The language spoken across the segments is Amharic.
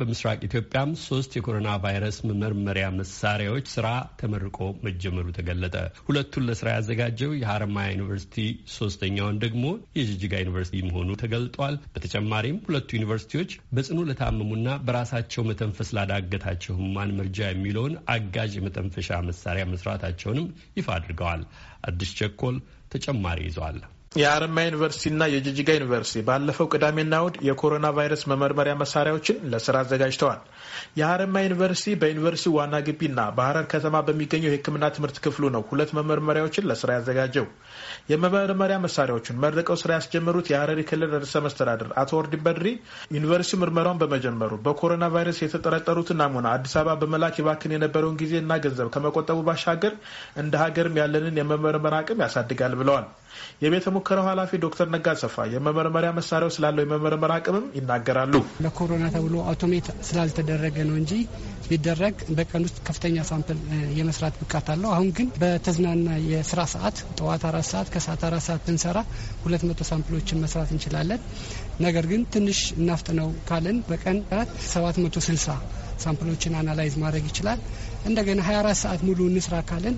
በምስራቅ ኢትዮጵያም ሶስት የኮሮና ቫይረስ መመርመሪያ መሳሪያዎች ስራ ተመርቆ መጀመሩ ተገለጠ። ሁለቱን ለስራ ያዘጋጀው የሀረማያ ዩኒቨርሲቲ፣ ሶስተኛውን ደግሞ የጅጅጋ ዩኒቨርሲቲ መሆኑ ተገልጧል። በተጨማሪም ሁለቱ ዩኒቨርሲቲዎች በጽኑ ለታመሙና በራሳቸው መተንፈስ ላዳገታቸው ህሙማን መርጃ የሚለውን አጋዥ የመተንፈሻ መሳሪያ መስራታቸውንም ይፋ አድርገዋል። አዲስ ቸኮል ተጨማሪ ይዟል። የአረማ ዩኒቨርሲቲና የጅጅጋ ዩኒቨርሲቲ ባለፈው ቅዳሜና እሁድ የኮሮና ቫይረስ መመርመሪያ መሳሪያዎችን ለስራ አዘጋጅተዋል። የአረማ ዩኒቨርሲቲ በዩኒቨርሲቲ ዋና ግቢና በሀረር ከተማ በሚገኘው የሕክምና ትምህርት ክፍሉ ነው ሁለት መመርመሪያዎችን ለስራ ያዘጋጀው። የመመርመሪያ መሳሪያዎቹን መርቀው ስራ ያስጀመሩት የሀረሪ ክልል ርዕሰ መስተዳደር አቶ ወርዲ በድሪ ዩኒቨርሲቲው ምርመራውን በመጀመሩ በኮሮና ቫይረስ የተጠረጠሩትን ናሙና አዲስ አበባ በመላክ ይባክን የነበረውን እና ገንዘብ ከመቆጠቡ ባሻገር እንደ ሀገርም ያለንን የመመር የመመርመር አቅም ያሳድጋል ብለዋል። የቤተ ሙከራው ኃላፊ ዶክተር ነጋ ሰፋ የመመርመሪያ መሳሪያው ስላለው የመመርመር አቅምም ይናገራሉ። ለኮሮና ተብሎ አውቶሜት ስላልተደረገ ነው እንጂ ቢደረግ በቀን ውስጥ ከፍተኛ ሳምፕል የመስራት ብቃት አለው። አሁን ግን በተዝናና የስራ ሰዓት ጠዋት አራት ሰዓት ከሰዓት አራት ሰዓት ብንሰራ ሁለት መቶ ሳምፕሎችን መስራት እንችላለን። ነገር ግን ትንሽ እናፍጥነው ካለን በቀን ራት ሰባት መቶ ስልሳ ሳምፕሎችን አናላይዝ ማድረግ ይችላል። እንደገና 24 ሰዓት ሙሉ እንስራ ካለን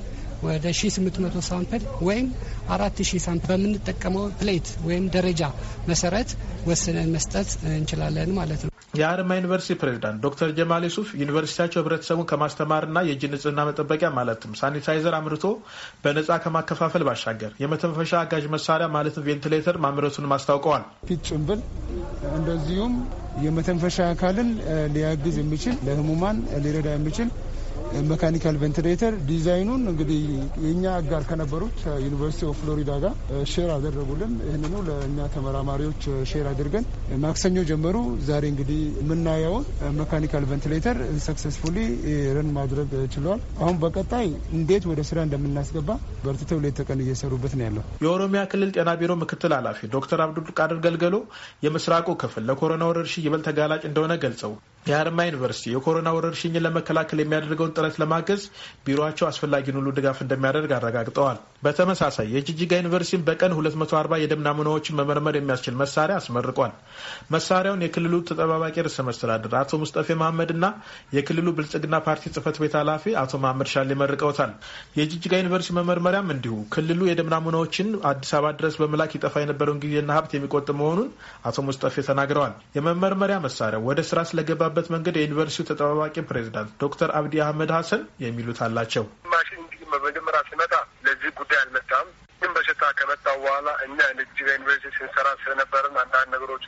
ወደ 1800 ሳምፕል ወይም 4000 ሳምፕል በምንጠቀመው ፕሌት ወይም ደረጃ መሰረት ወስነን መስጠት እንችላለን ማለት ነው። የአርማ ዩኒቨርሲቲ ፕሬዚዳንት ዶክተር ጀማል ዩሱፍ ዩኒቨርሲቲያቸው ህብረተሰቡን ከማስተማርና የእጅ ንጽህና መጠበቂያ ማለትም ሳኒታይዘር አምርቶ በነጻ ከማከፋፈል ባሻገር የመተንፈሻ አጋዥ መሳሪያ ማለትም ቬንቲሌተር ማምረቱንም አስታውቀዋል። ፊት ጭንብል እንደዚሁም የመተንፈሻ አካልን ሊያግዝ የሚችል ለህሙማን ሊረዳ የሚችል መካኒካል ቬንቲሌተር ዲዛይኑን እንግዲህ የእኛ አጋር ከነበሩት ዩኒቨርሲቲ ኦፍ ፍሎሪዳ ጋር ሼር አደረጉልን። ይህንኑ ለእኛ ተመራማሪዎች ሼር አድርገን ማክሰኞ ጀመሩ። ዛሬ እንግዲህ የምናየውን መካኒካል ቬንቲሌተር ሰክሰስፉሊ ረን ማድረግ ችሏል። አሁን በቀጣይ እንዴት ወደ ስራ እንደምናስገባ በርትተው ሌት ተቀን እየሰሩበት ነው ያለው። የኦሮሚያ ክልል ጤና ቢሮ ምክትል ኃላፊ ዶክተር አብዱል ቃድር ገልገሎ የምስራቁ ክፍል ለኮሮና ወረርሽኝ ይበልጥ ተጋላጭ እንደሆነ ገልጸው የአርማ ዩኒቨርሲቲ የኮሮና ወረርሽኝን ለመከላከል የሚያደርገውን ጥረት ለማገዝ ቢሮቸው አስፈላጊውን ሁሉ ድጋፍ እንደሚያደርግ አረጋግጠዋል። በተመሳሳይ የጂጂጋ ዩኒቨርሲቲን በቀን 240 የደም ናሙናዎችን መመርመር የሚያስችል መሳሪያ አስመርቋል። መሳሪያውን የክልሉ ተጠባባቂ ርዕሰ መስተዳድር አቶ ሙስጠፌ መሐመድ እና የክልሉ ብልጽግና ፓርቲ ጽህፈት ቤት ኃላፊ አቶ መሐመድ ሻሌ መርቀውታል። የጂጂጋ ዩኒቨርሲቲ መመርመሪያም እንዲሁ ክልሉ የደም ናሙናዎችን አዲስ አበባ ድረስ በመላክ ይጠፋ የነበረውን ጊዜና ሀብት የሚቆጥ መሆኑን አቶ ሙስጠፌ ተናግረዋል። የመመርመሪያ መሳሪያው ወደ ስራ ስለገባበት መንገድ የዩኒቨርሲቲው ተጠባባቂ ፕሬዚዳንት ዶክተር አብዲ አህመድ ሀሰን የሚሉት አላቸው። ማሽን መጀመሪያ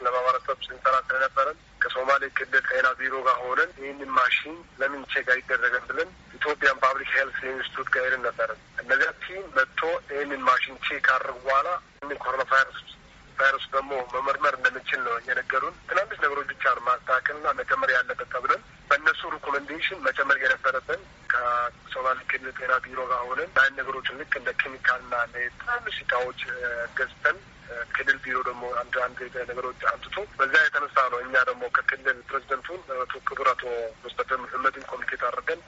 ለማበረሰብ ስንሰራ ስለነበረን ከሶማሌ ክልል ጤና ቢሮ ጋር ሆነን ይህንን ማሽን ለምን ቼክ አይደረገን ብለን ኢትዮጵያን ፓብሊክ ሄልት ኢንስቲቱት ከሄድን ነበረን። እነዚያ ቲም መጥቶ ይህንን ማሽን ቼክ ካደረጉ በኋላ ኮሮና ቫይረስ ቫይረስ ደግሞ መመርመር እንደምንችል ነው የነገሩን። ትናንሽ ነገሮች ብቻ ነው ማስተካከልና መጨመር ያለበት ተብለን በእነሱ ሪኮመንዴሽን መጨመር የነበረብን ከሶማሌ ክልል ጤና ቢሮ ጋር ሆነን ያን ነገሮች ልክ እንደ ኬሚካልና ትናንሽ እቃዎች ገዝተን ክልል ቢሮ ደግሞ አንድ አንድ ነገሮች አምጥቶ በዚያ የተነሳ ነው እኛ ደግሞ ከክልል ፕሬዚደንቱን ቶ ክቡር አቶ ሙስጠፈ ምህመድን ኮሚኒኬት አድርገን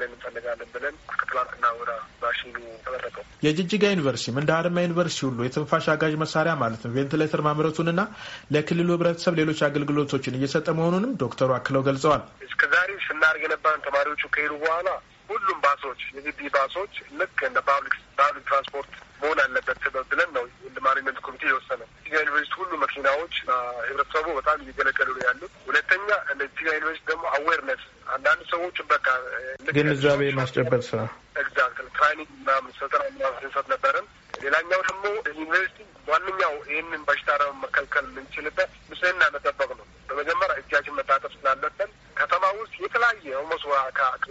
ላይ እንፈልጋለን ብለን ከትላንትና ወደ ባሽኑ ተመረቀው። የጅጅጋ ዩኒቨርሲቲም እንደ ሀረማያ ዩኒቨርሲቲ ሁሉ የትንፋሽ አጋዥ መሳሪያ ማለት ነው ቬንትሌተር ማምረቱንና ለክልሉ ህብረተሰብ ሌሎች አገልግሎቶችን እየሰጠ መሆኑንም ዶክተሩ አክለው ገልጸዋል። እስከ ዛሬ ስናደርግ የነበረን ተማሪዎቹ ከሄዱ በኋላ ሁሉም ባሶች የግቢ ባሶች ልክ እንደ ፓብሊክ ፓብሊክ ትራንስፖርት መሆን አለበት ብለን ነው እንደ ማኔጅመንት ኮሚቴ የወሰነ ቲጋ ዩኒቨርሲቲ ሁሉ መኪናዎች ህብረተሰቡ በጣም እየገለገሉ ነው ያሉት። ሁለተኛ እንደ ቲጋ ዩኒቨርሲቲ ደግሞ አዌርነስ አንዳንድ ሰዎች በቃ ግንዛቤ ማስጨበጥ ስራ ኤግዛክት ትራይኒንግ ምናምን ስልጠና ምናምን ስንሰጥ ነበረን። ሌላኛው ደግሞ ዩኒቨርሲቲ ዋነኛው ይህንን በሽታ መከልከል የምንችልበት ንጽህና መጠበቅ ነው። የኦልሞስት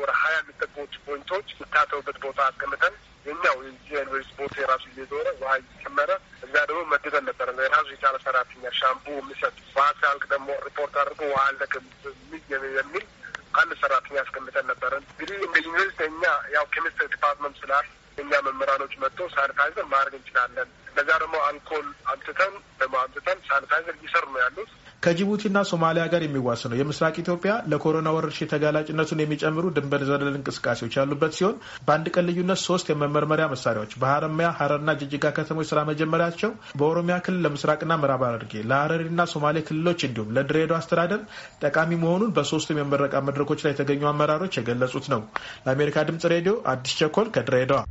ወደ ሀያ የሚጠጉት ፖይንቶች የምታተውበት ቦታ አስቀምጠን የኛው የዩኒቨርስቲ ቦርድ የራሱ እየዞረ ውሀ እየጨመረ እዛ ደግሞ መድበን ነበረ። የራሱ የቻለ ሰራተኛ ሻምፑ የሚሰጥ ውሀ ደግሞ ሪፖርት አድርጎ ውሀ አለቅ የሚል አንድ ሰራተኛ አስቀምጠን ነበረ። እንግዲህ እንደ ዩኒቨርስቲ እኛ ያው ኬሚስትሪ ዲፓርትመንት ስላል እኛ መምህራኖች መጥቶ ሳኒታይዘር ማድረግ እንችላለን። እነዛ ደግሞ አልኮል አምጥተን ደግሞ አምጥተን ሳኒታይዘር እየሰሩ ነው ያሉት። ከጅቡቲና ሶማሊያ ጋር የሚዋስ ነው የምስራቅ ኢትዮጵያ ለኮሮና ወረርሽኝ ተጋላጭነቱን የሚጨምሩ ድንበር ዘለል እንቅስቃሴዎች ያሉበት ሲሆን በአንድ ቀን ልዩነት ሶስት የመመርመሪያ መሳሪያዎች በሀረማያ ሀረርና ጅጅጋ ከተሞች ስራ መጀመሪያቸው በኦሮሚያ ክልል ለምስራቅና ምዕራብ ሐረርጌ ለሀረሪና ሶማሌ ክልሎች እንዲሁም ለድሬዳዋ አስተዳደር ጠቃሚ መሆኑን በሶስቱም የመረቃ መድረኮች ላይ የተገኙ አመራሮች የገለጹት ነው። ለአሜሪካ ድምጽ ሬዲዮ አዲስ ቸኮል ከድሬዳዋ